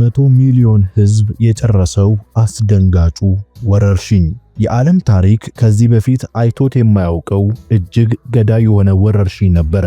መቶ ሚሊዮን ህዝብ የጨረሰው አስደንጋጩ ወረርሽኝ የዓለም ታሪክ ከዚህ በፊት አይቶት የማያውቀው እጅግ ገዳይ የሆነ ወረርሽኝ ነበረ።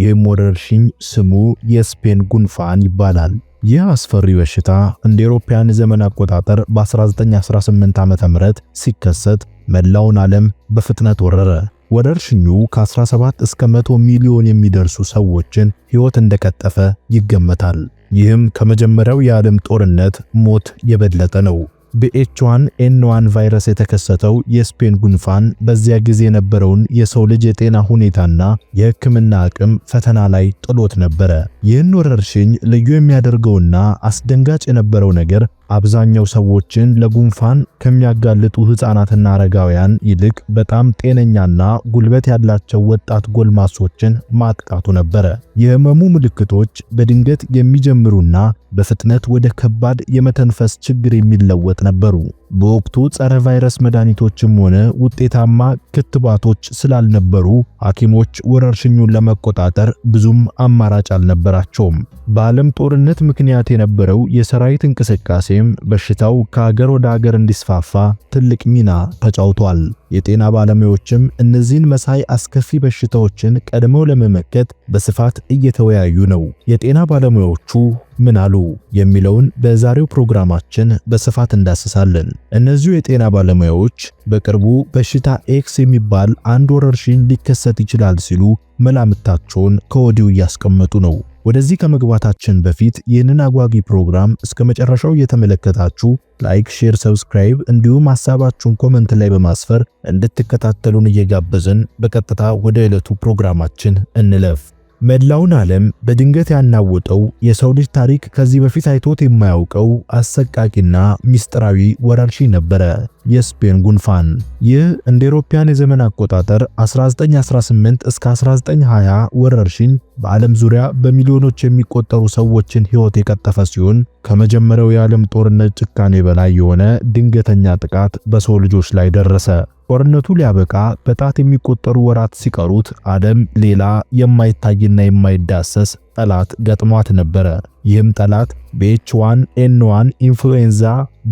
ይህም ወረርሽኝ ስሙ የስፔን ጉንፋን ይባላል። ይህ አስፈሪ በሽታ እንደ አውሮፓውያን ዘመን አቆጣጠር በ1918 ዓ.ም ሲከሰት መላውን ዓለም በፍጥነት ወረረ። ወረርሽኙ ከ17 እስከ 100 ሚሊዮን የሚደርሱ ሰዎችን ሕይወት እንደቀጠፈ ይገመታል። ይህም ከመጀመሪያው የዓለም ጦርነት ሞት የበለጠ ነው። በኤችዋን ኤንዋን ቫይረስ የተከሰተው የስፔን ጉንፋን በዚያ ጊዜ የነበረውን የሰው ልጅ የጤና ሁኔታና የሕክምና አቅም ፈተና ላይ ጥሎት ነበረ። ይህን ወረርሽኝ ልዩ የሚያደርገውና አስደንጋጭ የነበረው ነገር አብዛኛው ሰዎችን ለጉንፋን ከሚያጋልጡ ሕፃናትና አረጋውያን ይልቅ በጣም ጤነኛና ጉልበት ያላቸው ወጣት ጎልማሶችን ማጥቃቱ ነበረ። የህመሙ ምልክቶች በድንገት የሚጀምሩና በፍጥነት ወደ ከባድ የመተንፈስ ችግር የሚለወጥ ነበሩ። በወቅቱ ጸረ ቫይረስ መድኃኒቶችም ሆነ ውጤታማ ክትባቶች ስላልነበሩ ሐኪሞች ወረርሽኙን ለመቆጣጠር ብዙም አማራጭ አልነበራቸውም። በዓለም ጦርነት ምክንያት የነበረው የሰራዊት እንቅስቃሴም በሽታው ከአገር ወደ አገር እንዲስፋፋ ትልቅ ሚና ተጫውቷል። የጤና ባለሙያዎችም እነዚህን መሳይ አስከፊ በሽታዎችን ቀድመው ለመመከት በስፋት እየተወያዩ ነው። የጤና ባለሙያዎቹ ምን አሉ የሚለውን በዛሬው ፕሮግራማችን በስፋት እንዳስሳለን። እነዚሁ የጤና ባለሙያዎች በቅርቡ በሽታ ኤክስ የሚባል አንድ ወረርሽኝ ሊከሰት ይችላል ሲሉ መላምታቸውን ከወዲሁ እያስቀመጡ ነው። ወደዚህ ከመግባታችን በፊት ይህንን አጓጊ ፕሮግራም እስከ መጨረሻው እየተመለከታችሁ ላይክ፣ ሼር፣ ሰብስክራይብ እንዲሁም ሐሳባችሁን ኮመንት ላይ በማስፈር እንድትከታተሉን እየጋበዝን በቀጥታ ወደ ዕለቱ ፕሮግራማችን እንለፍ። መላውን ዓለም በድንገት ያናወጠው የሰው ልጅ ታሪክ ከዚህ በፊት አይቶት የማያውቀው አሰቃቂና ሚስጥራዊ ወረርሽኝ ነበረ፣ የስፔን ጉንፋን። ይህ እንደ አውሮፓውያን የዘመን አቆጣጠር 1918 እስከ 1920 ወረርሽኝ በዓለም ዙሪያ በሚሊዮኖች የሚቆጠሩ ሰዎችን ሕይወት የቀጠፈ ሲሆን ከመጀመሪያው የዓለም ጦርነት ጭካኔ በላይ የሆነ ድንገተኛ ጥቃት በሰው ልጆች ላይ ደረሰ። ጦርነቱ ሊያበቃ በጣት የሚቆጠሩ ወራት ሲቀሩት አደም ሌላ የማይታይና የማይዳሰስ ጠላት ገጥሟት ነበረ። ይህም ጠላት በኤችዋን ኤንዋን ኢንፍሉዌንዛ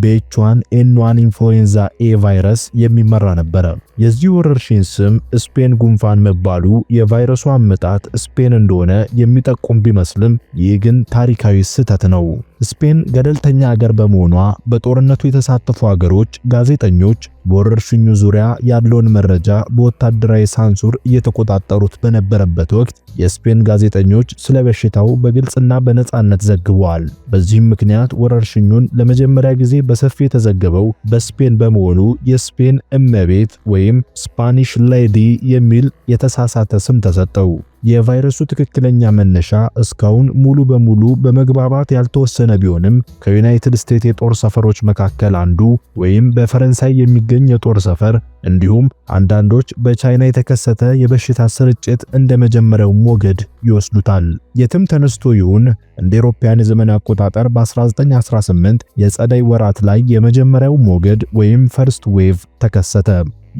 በኤችዋን ኤንዋን ኢንፍሉዌንዛ ኤ ቫይረስ የሚመራ ነበረ። የዚህ ወረርሽኝ ስም ስፔን ጉንፋን መባሉ የቫይረሱ አመጣት ስፔን እንደሆነ የሚጠቁም ቢመስልም ይህ ግን ታሪካዊ ስህተት ነው። ስፔን ገደልተኛ አገር በመሆኗ በጦርነቱ የተሳተፉ አገሮች ጋዜጠኞች በወረርሽኙ ዙሪያ ያለውን መረጃ በወታደራዊ ሳንሱር እየተቆጣጠሩት በነበረበት ወቅት የስፔን ጋዜጠኞች ስለ በሽታው በግልጽና በነፃነት ዘግቧል። በዚህም ምክንያት ወረርሽኙን ለመጀመሪያ ጊዜ በሰፊ የተዘገበው በስፔን በመሆኑ የስፔን እመቤት ወይም ስፓኒሽ ሌዲ የሚል የተሳሳተ ስም ተሰጠው። የቫይረሱ ትክክለኛ መነሻ እስካሁን ሙሉ በሙሉ በመግባባት ያልተወሰነ ቢሆንም ከዩናይትድ ስቴትስ የጦር ሰፈሮች መካከል አንዱ ወይም በፈረንሳይ የሚገኝ የጦር ሰፈር እንዲሁም አንዳንዶች በቻይና የተከሰተ የበሽታ ስርጭት እንደ መጀመሪያው ሞገድ ይወስዱታል። የትም ተነስቶ ይሁን እንደ አውሮፓውያን የዘመን አቆጣጠር በ1918 የጸደይ ወራት ላይ የመጀመሪያው ሞገድ ወይም ፈርስት ዌቭ ተከሰተ።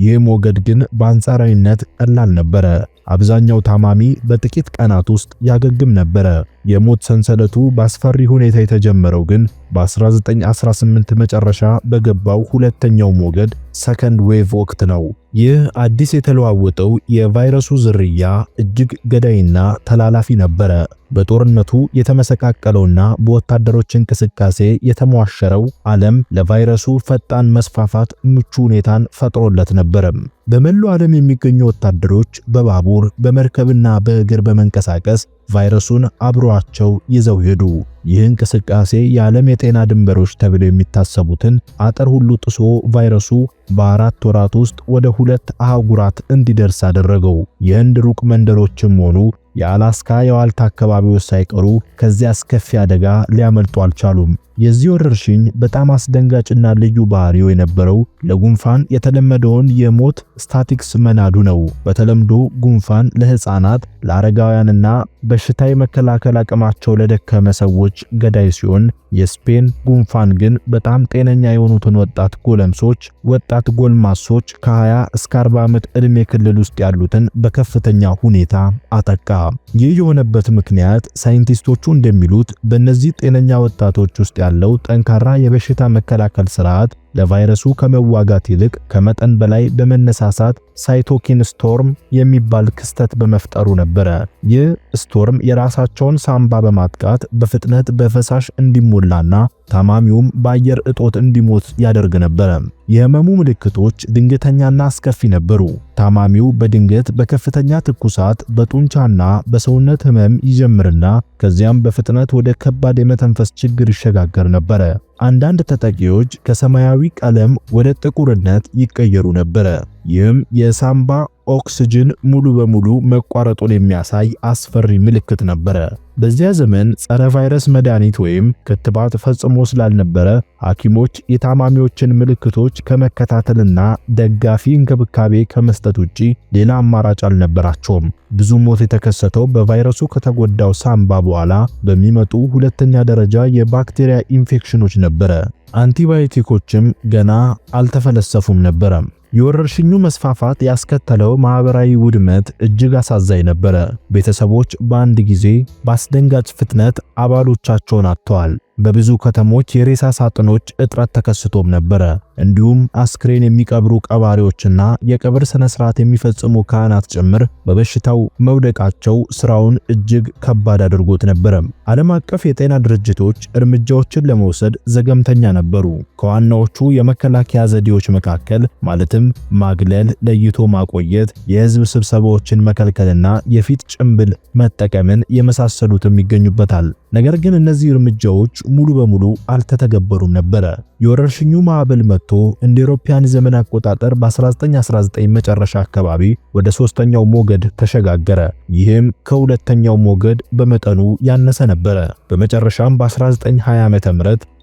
ይህ ሞገድ ግን በአንጻራዊነት ቀላል ነበረ። አብዛኛው ታማሚ በጥቂት ቀናት ውስጥ ያገግም ነበረ። የሞት ሰንሰለቱ በአስፈሪ ሁኔታ የተጀመረው ግን በ1918 መጨረሻ በገባው ሁለተኛው ሞገድ ሰከንድ ዌቭ ወቅት ነው። ይህ አዲስ የተለዋወጠው የቫይረሱ ዝርያ እጅግ ገዳይና ተላላፊ ነበረ። በጦርነቱ የተመሰቃቀለውና በወታደሮች እንቅስቃሴ የተሟሸረው ዓለም ለቫይረሱ ፈጣን መስፋፋት ምቹ ሁኔታን ፈጥሮለት ነበረም። በመላው ዓለም የሚገኙ ወታደሮች በባቡር በመርከብና በእግር በመንቀሳቀስ ቫይረሱን አብሯቸው ይዘው ሄዱ። ይህ እንቅስቃሴ የዓለም የጤና ድንበሮች ተብለው የሚታሰቡትን አጥር ሁሉ ጥሶ ቫይረሱ በአራት ወራት ውስጥ ወደ ሁለት አህጉራት እንዲደርስ አደረገው። የህንድ ሩቅ መንደሮችም ሆኑ የአላስካ የዋልታ አካባቢዎች ሳይቀሩ ከዚያ አስከፊ አደጋ ሊያመልጡ አልቻሉም። የዚህ ወረርሽኝ በጣም አስደንጋጭና ልዩ ባህሪው የነበረው ለጉንፋን የተለመደውን የሞት ስታቲክስ መናዱ ነው። በተለምዶ ጉንፋን ለሕፃናት ለአረጋውያንና በሽታ የመከላከል አቅማቸው ለደከመ ሰዎች ገዳይ ሲሆን የስፔን ጉንፋን ግን በጣም ጤነኛ የሆኑትን ወጣት ጎለምሶች፣ ወጣት ጎልማሶች ከ20 እስከ 40 ዓመት ዕድሜ ክልል ውስጥ ያሉትን በከፍተኛ ሁኔታ አጠቃ። ይህ የሆነበት ምክንያት ሳይንቲስቶቹ እንደሚሉት በእነዚህ ጤነኛ ወጣቶች ውስጥ ያለው ጠንካራ የበሽታ መከላከል ስርዓት ለቫይረሱ ከመዋጋት ይልቅ ከመጠን በላይ በመነሳሳት ሳይቶኪን ስቶርም የሚባል ክስተት በመፍጠሩ ነበረ። ይህ ስቶርም የራሳቸውን ሳምባ በማጥቃት በፍጥነት በፈሳሽ እንዲሞላና ታማሚውም በአየር እጦት እንዲሞት ያደርግ ነበረ። የህመሙ ምልክቶች ድንገተኛና አስከፊ ነበሩ። ታማሚው በድንገት በከፍተኛ ትኩሳት፣ በጡንቻና በሰውነት ህመም ይጀምርና ከዚያም በፍጥነት ወደ ከባድ የመተንፈስ ችግር ይሸጋገር ነበረ። አንዳንድ ተጠቂዎች ከሰማያዊ ቀለም ወደ ጥቁርነት ይቀየሩ ነበረ። ይህም የሳምባ ኦክስጅን ሙሉ በሙሉ መቋረጡን የሚያሳይ አስፈሪ ምልክት ነበረ። በዚያ ዘመን ጸረ ቫይረስ መድኃኒት ወይም ክትባት ፈጽሞ ስላልነበረ ሐኪሞች የታማሚዎችን ምልክቶች ከመከታተልና ደጋፊ እንክብካቤ ከመስጠት ውጪ ሌላ አማራጭ አልነበራቸውም። ብዙ ሞት የተከሰተው በቫይረሱ ከተጎዳው ሳምባ በኋላ በሚመጡ ሁለተኛ ደረጃ የባክቴሪያ ኢንፌክሽኖች ነበረ። አንቲባዮቲኮችም ገና አልተፈለሰፉም ነበረም። የወረርሽኙ መስፋፋት ያስከተለው ማህበራዊ ውድመት እጅግ አሳዛኝ ነበረ። ቤተሰቦች በአንድ ጊዜ በአስደንጋጭ ፍጥነት አባሎቻቸውን አጥተዋል። በብዙ ከተሞች የሬሳ ሳጥኖች እጥረት ተከስቶም ነበረ። እንዲሁም አስክሬን የሚቀብሩ ቀባሪዎችና የቀብር ስነ ስርዓት የሚፈጽሙ ካህናት ጭምር በበሽታው መውደቃቸው ስራውን እጅግ ከባድ አድርጎት ነበረ። ዓለም አቀፍ የጤና ድርጅቶች እርምጃዎችን ለመውሰድ ዘገምተኛ ነበሩ። ከዋናዎቹ የመከላከያ ዘዴዎች መካከል ማለትም ማግለል፣ ለይቶ ማቆየት፣ የህዝብ ስብሰባዎችን መከልከልና የፊት ጭንብል መጠቀምን የመሳሰሉትም ይገኙበታል። ነገር ግን እነዚህ እርምጃዎች ሙሉ በሙሉ አልተተገበሩም ነበረ። የወረርሽኙ ማዕበል መጥቶ እንደ ኢሮፓያን ዘመን አቆጣጠር በ1919 መጨረሻ አካባቢ ወደ ሶስተኛው ሞገድ ተሸጋገረ። ይህም ከሁለተኛው ሞገድ በመጠኑ ያነሰ ነበረ። በመጨረሻም በ1920 ዓ.ም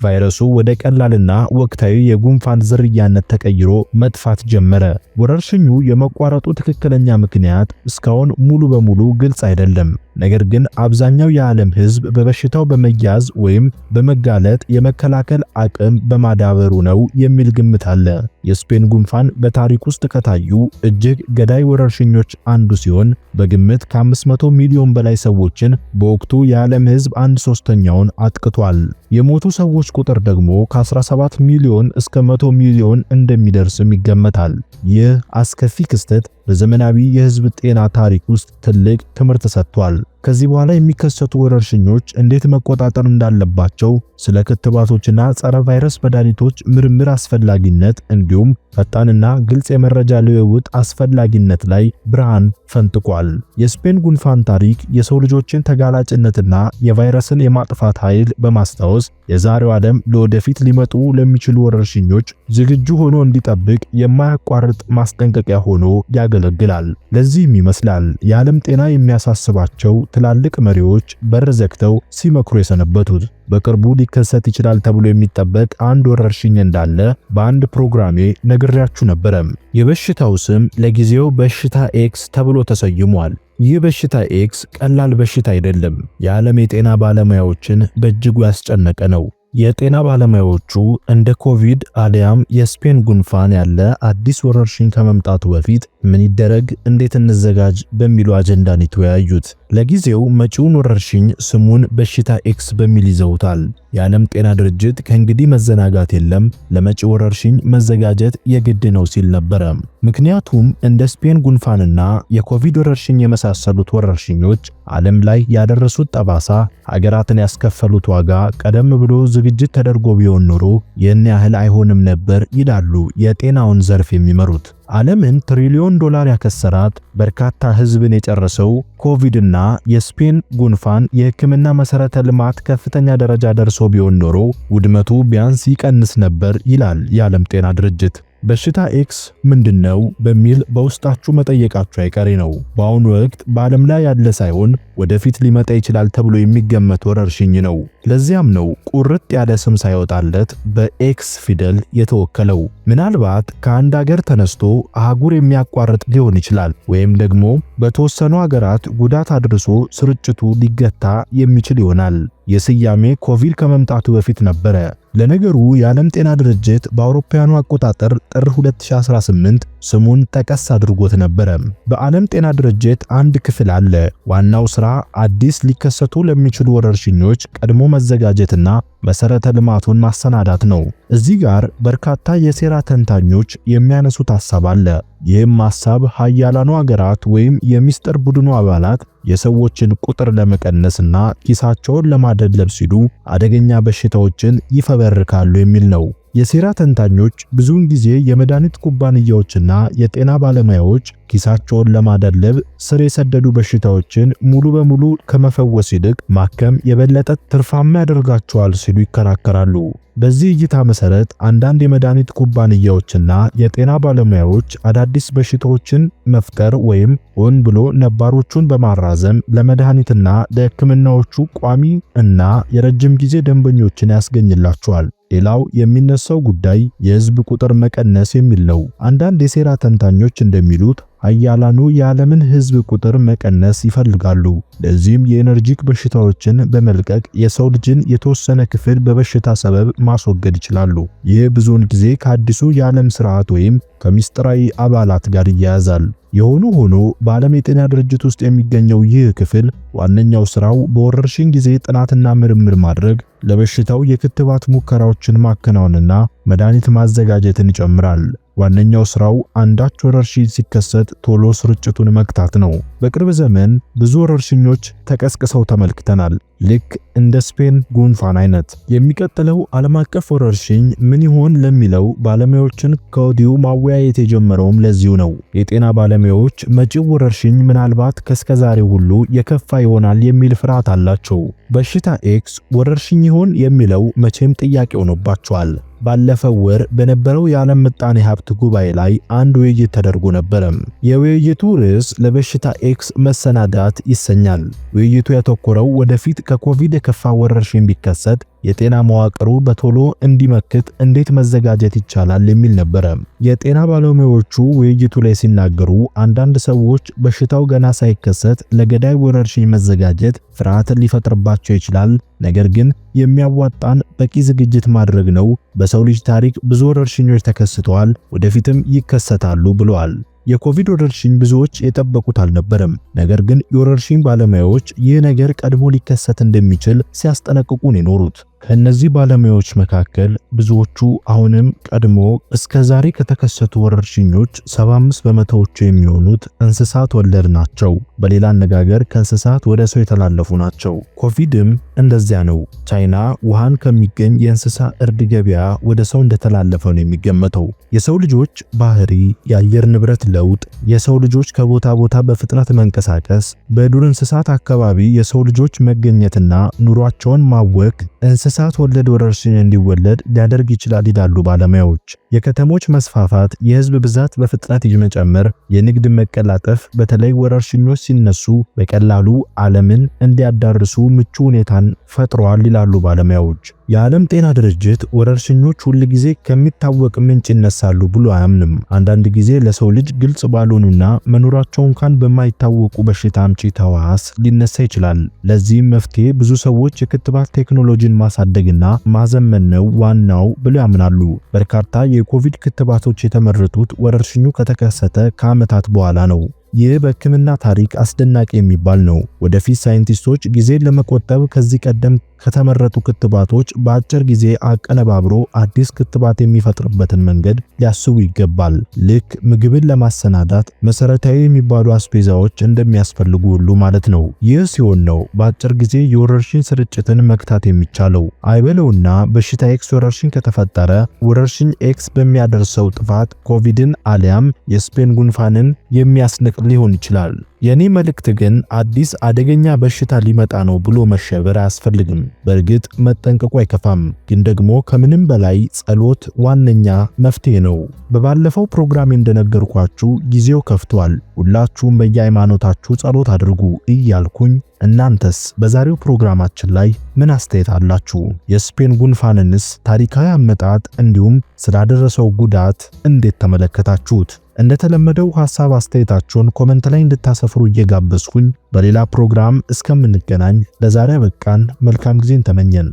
ቫይረሱ ወደ ቀላልና ወቅታዊ የጉንፋን ዝርያነት ተቀይሮ መጥፋት ጀመረ። ወረርሽኙ የመቋረጡ ትክክለኛ ምክንያት እስካሁን ሙሉ በሙሉ ግልጽ አይደለም። ነገር ግን አብዛኛው የዓለም ሕዝብ በበሽታው በመያዝ ወይም በመጋለጥ የመከላከል አቅም በማዳበሩ ነው የሚል ግምት አለ። የስፔን ጉንፋን በታሪክ ውስጥ ከታዩ እጅግ ገዳይ ወረርሽኞች አንዱ ሲሆን በግምት ከ500 ሚሊዮን በላይ ሰዎችን በወቅቱ የዓለም ሕዝብ አንድ ሶስተኛውን አጥቅቷል። የሞቱ ሰዎች ቁጥር ደግሞ ከ17 ሚሊዮን እስከ 100 ሚሊዮን እንደሚደርስም ይገመታል። ይህ አስከፊ ክስተት በዘመናዊ የሕዝብ ጤና ታሪክ ውስጥ ትልቅ ትምህርት ሰጥቷል። ከዚህ በኋላ የሚከሰቱ ወረርሽኞች እንዴት መቆጣጠር እንዳለባቸው፣ ስለ ክትባቶችና ጸረ ቫይረስ መድኃኒቶች ምርምር አስፈላጊነት እንዲሁም ፈጣንና ግልጽ የመረጃ ልውውጥ አስፈላጊነት ላይ ብርሃን ፈንጥቋል። የስፔን ጉንፋን ታሪክ የሰው ልጆችን ተጋላጭነትና የቫይረስን የማጥፋት ኃይል በማስታወስ የዛሬው ዓለም ለወደፊት ሊመጡ ለሚችሉ ወረርሽኞች ዝግጁ ሆኖ እንዲጠብቅ የማያቋርጥ ማስጠንቀቂያ ሆኖ ያገለግላል። ለዚህም ይመስላል የዓለም ጤና የሚያሳስባቸው ትላልቅ መሪዎች በር ዘግተው ሲመክሩ የሰነበቱት። በቅርቡ ሊከሰት ይችላል ተብሎ የሚጠበቅ አንድ ወረርሽኝ እንዳለ በአንድ ፕሮግራሜ ነገር ነግሬያችሁ ነበረ። የበሽታው ስም ለጊዜው በሽታ ኤክስ ተብሎ ተሰይሟል። ይህ በሽታ ኤክስ ቀላል በሽታ አይደለም። የዓለም የጤና ባለሙያዎችን በእጅጉ ያስጨነቀ ነው። የጤና ባለሙያዎቹ እንደ ኮቪድ አሊያም የስፔን ጉንፋን ያለ አዲስ ወረርሽኝ ከመምጣቱ በፊት ምን ይደረግ፣ እንዴት እንዘጋጅ በሚሉ አጀንዳን የተወያዩት። ለጊዜው መጪውን ወረርሽኝ ስሙን በሽታ ኤክስ በሚል ይዘውታል። የዓለም ጤና ድርጅት ከእንግዲህ መዘናጋት የለም፣ ለመጪ ወረርሽኝ መዘጋጀት የግድ ነው ሲል ነበረ። ምክንያቱም እንደ ስፔን ጉንፋንና የኮቪድ ወረርሽኝ የመሳሰሉት ወረርሽኞች ዓለም ላይ ያደረሱት ጠባሳ፣ ሀገራትን ያስከፈሉት ዋጋ ቀደም ብሎ ዝግጅት ተደርጎ ቢሆን ኖሮ ይህን ያህል አይሆንም ነበር ይላሉ የጤናውን ዘርፍ የሚመሩት። ዓለምን ትሪሊዮን ዶላር ያከሰራት በርካታ ህዝብን የጨረሰው ኮቪድና የስፔን ጉንፋን የህክምና መሰረተ ልማት ከፍተኛ ደረጃ ደርሶ ቢሆን ኖሮ ውድመቱ ቢያንስ ይቀንስ ነበር ይላል የዓለም ጤና ድርጅት። በሽታ ኤክስ ምንድን ነው በሚል በውስጣችሁ መጠየቃችሁ አይቀሬ ነው። በአሁኑ ወቅት በዓለም ላይ ያለ ሳይሆን ወደፊት ሊመጣ ይችላል ተብሎ የሚገመት ወረርሽኝ ነው። ለዚያም ነው ቁርጥ ያለ ስም ሳይወጣለት በኤክስ ፊደል የተወከለው። ምናልባት ከአንድ አገር ተነስቶ አህጉር የሚያቋርጥ ሊሆን ይችላል፣ ወይም ደግሞ በተወሰኑ አገራት ጉዳት አድርሶ ስርጭቱ ሊገታ የሚችል ይሆናል። የስያሜ ኮቪድ ከመምጣቱ በፊት ነበረ ለነገሩ የዓለም ጤና ድርጅት በአውሮፓውያኑ አቆጣጠር ጥር 2018 ስሙን ጠቀስ አድርጎት ነበረ። በዓለም ጤና ድርጅት አንድ ክፍል አለ። ዋናው ስራ አዲስ ሊከሰቱ ለሚችሉ ወረርሽኞች ቀድሞ መዘጋጀትና መሰረተ ልማቱን ማሰናዳት ነው። እዚህ ጋር በርካታ የሴራ ተንታኞች የሚያነሱት ሐሳብ አለ። ይህም ሐሳብ ሀያላኑ አገራት ወይም የሚስጥር ቡድኑ አባላት የሰዎችን ቁጥር ለመቀነስና ኪሳቸውን ለማደለብ ሲሉ አደገኛ በሽታዎችን ይፈበርካሉ የሚል ነው። የሴራ ተንታኞች ብዙውን ጊዜ የመድኃኒት ኩባንያዎችና የጤና ባለሙያዎች ኪሳቸውን ለማደለብ ስር የሰደዱ በሽታዎችን ሙሉ በሙሉ ከመፈወስ ይልቅ ማከም የበለጠ ትርፋማ ያደርጋቸዋል ሲሉ ይከራከራሉ። በዚህ እይታ መሰረት አንዳንድ የመድኃኒት ኩባንያዎችና የጤና ባለሙያዎች አዳዲስ በሽታዎችን መፍጠር ወይም ሆን ብሎ ነባሮቹን በማራዘም ለመድኃኒትና ለሕክምናዎቹ ቋሚ እና የረጅም ጊዜ ደንበኞችን ያስገኝላቸዋል። ሌላው የሚነሳው ጉዳይ የህዝብ ቁጥር መቀነስ የሚል ነው። አንዳንድ የሴራ ተንታኞች እንደሚሉት ሀያላኑ የዓለምን ህዝብ ቁጥር መቀነስ ይፈልጋሉ። ለዚህም የኤነርጂክ በሽታዎችን በመልቀቅ የሰው ልጅን የተወሰነ ክፍል በበሽታ ሰበብ ማስወገድ ይችላሉ። ይህ ብዙውን ጊዜ ከአዲሱ የዓለም ስርዓት ወይም ከሚስጥራዊ አባላት ጋር ይያያዛል። የሆኑ ሆኖ በዓለም የጤና ድርጅት ውስጥ የሚገኘው ይህ ክፍል ዋነኛው ስራው በወረርሽኝ ጊዜ ጥናትና ምርምር ማድረግ፣ ለበሽታው የክትባት ሙከራዎችን ማከናወንና መድኃኒት ማዘጋጀትን ይጨምራል። ዋነኛው ስራው አንዳች ወረርሽኝ ሲከሰት ቶሎ ስርጭቱን መግታት ነው። በቅርብ ዘመን ብዙ ወረርሽኞች ተቀስቅሰው ተመልክተናል። ልክ እንደ ስፔን ጉንፋን አይነት። የሚቀጥለው ዓለም አቀፍ ወረርሽኝ ምን ይሆን ለሚለው ባለሙያዎችን ከወዲሁ ማወያየት የጀመረውም ለዚሁ ነው። የጤና ባለሙያዎች መጪው ወረርሽኝ ምናልባት ከስከዛሬው ሁሉ የከፋ ይሆናል የሚል ፍርሃት አላቸው። በሽታ ኤክስ ወረርሽኝ ይሆን የሚለው መቼም ጥያቄ ሆኖባቸዋል። ባለፈው ወር በነበረው የዓለም ምጣኔ ሀብት ጉባኤ ላይ አንድ ውይይት ተደርጎ ነበረ። የውይይቱ ርዕስ ለበሽታ ኤክስ መሰናዳት ይሰኛል። ውይይቱ ያተኮረው ወደፊት ከኮቪድ የከፋ ወረርሽኝ ቢከሰት የጤና መዋቅሩ በቶሎ እንዲመክት እንዴት መዘጋጀት ይቻላል የሚል ነበረ። የጤና ባለሙያዎቹ ውይይቱ ላይ ሲናገሩ አንዳንድ ሰዎች በሽታው ገና ሳይከሰት ለገዳይ ወረርሽኝ መዘጋጀት ፍርሃትን ሊፈጥርባቸው ይችላል፣ ነገር ግን የሚያዋጣን በቂ ዝግጅት ማድረግ ነው። በሰው ልጅ ታሪክ ብዙ ወረርሽኞች ተከስተዋል፣ ወደፊትም ይከሰታሉ ብለዋል። የኮቪድ ወረርሽኝ ብዙዎች የጠበቁት አልነበረም። ነገር ግን የወረርሽኝ ባለሙያዎች ይህ ነገር ቀድሞ ሊከሰት እንደሚችል ሲያስጠነቅቁን የኖሩት ከእነዚህ ባለሙያዎች መካከል ብዙዎቹ አሁንም ቀድሞ እስከ ዛሬ ከተከሰቱ ወረርሽኞች 75 በመቶዎቹ የሚሆኑት እንስሳት ወለድ ናቸው። በሌላ አነጋገር ከእንስሳት ወደ ሰው የተላለፉ ናቸው። ኮቪድም እንደዚያ ነው። ቻይና ውሃን ከሚገኝ የእንስሳ እርድ ገበያ ወደ ሰው እንደተላለፈ ነው የሚገመተው። የሰው ልጆች ባህሪ፣ የአየር ንብረት ለውጥ፣ የሰው ልጆች ከቦታ ቦታ በፍጥነት መንቀሳቀስ፣ በዱር እንስሳት አካባቢ የሰው ልጆች መገኘትና ኑሯቸውን ማወክ እንስሳት ወለድ ወረርሽኝ እንዲወለድ ሊያደርግ ይችላል ይላሉ ባለሙያዎች። የከተሞች መስፋፋት፣ የህዝብ ብዛት በፍጥነት መጨመር፣ የንግድ መቀላጠፍ በተለይ ወረርሽኞች ሲነሱ በቀላሉ ዓለምን እንዲያዳርሱ ምቹ ሁኔታን ፈጥሯል ይላሉ ባለሙያዎች። የዓለም ጤና ድርጅት ወረርሽኞች ሁል ጊዜ ከሚታወቅ ምንጭ ይነሳሉ ብሎ አያምንም። አንዳንድ ጊዜ ለሰው ልጅ ግልጽ ባልሆኑና መኖራቸው እንኳን በማይታወቁ በሽታ አምጪ ተዋስ ሊነሳ ይችላል። ለዚህም መፍትሄ ብዙ ሰዎች የክትባት ቴክኖሎጂን ማሳደግና ማዘመን ነው ዋናው ብለው ያምናሉ። በርካታ የኮቪድ ክትባቶች የተመረጡት ወረርሽኙ ከተከሰተ ከዓመታት በኋላ ነው። ይህ በህክምና ታሪክ አስደናቂ የሚባል ነው። ወደፊት ሳይንቲስቶች ጊዜን ለመቆጠብ ከዚህ ቀደም ከተመረቱ ክትባቶች በአጭር ጊዜ አቀነባብሮ አዲስ ክትባት የሚፈጥርበትን መንገድ ሊያስቡ ይገባል። ልክ ምግብን ለማሰናዳት መሰረታዊ የሚባሉ አስፔዛዎች እንደሚያስፈልጉ ሁሉ ማለት ነው። ይህ ሲሆን ነው በአጭር ጊዜ የወረርሽኝ ስርጭትን መግታት የሚቻለው። አይበለውና በሽታ ኤክስ ወረርሽኝ ከተፈጠረ ወረርሽኝ ኤክስ በሚያደርሰው ጥፋት ኮቪድን አሊያም የስፔን ጉንፋንን የሚያስንክ ሊሆን ይችላል። የኔ መልእክት ግን አዲስ አደገኛ በሽታ ሊመጣ ነው ብሎ መሸበር አያስፈልግም። በእርግጥ መጠንቀቁ አይከፋም፣ ግን ደግሞ ከምንም በላይ ጸሎት ዋነኛ መፍትሄ ነው። በባለፈው ፕሮግራም እንደነገርኳችሁ ጊዜው ከፍቷል። ሁላችሁም በየሃይማኖታችሁ ጸሎት አድርጉ እያልኩኝ እናንተስ በዛሬው ፕሮግራማችን ላይ ምን አስተያየት አላችሁ? የስፔን ጉንፋንንስ ታሪካዊ አመጣጥ እንዲሁም ስላደረሰው ጉዳት እንዴት ተመለከታችሁት? እንደተለመደው ሐሳብ አስተያየታችሁን ኮመንት ላይ እንድታሰፍሩ እየጋበዝኩኝ በሌላ ፕሮግራም እስከምንገናኝ ለዛሬ በቃን። መልካም ጊዜን ተመኘን።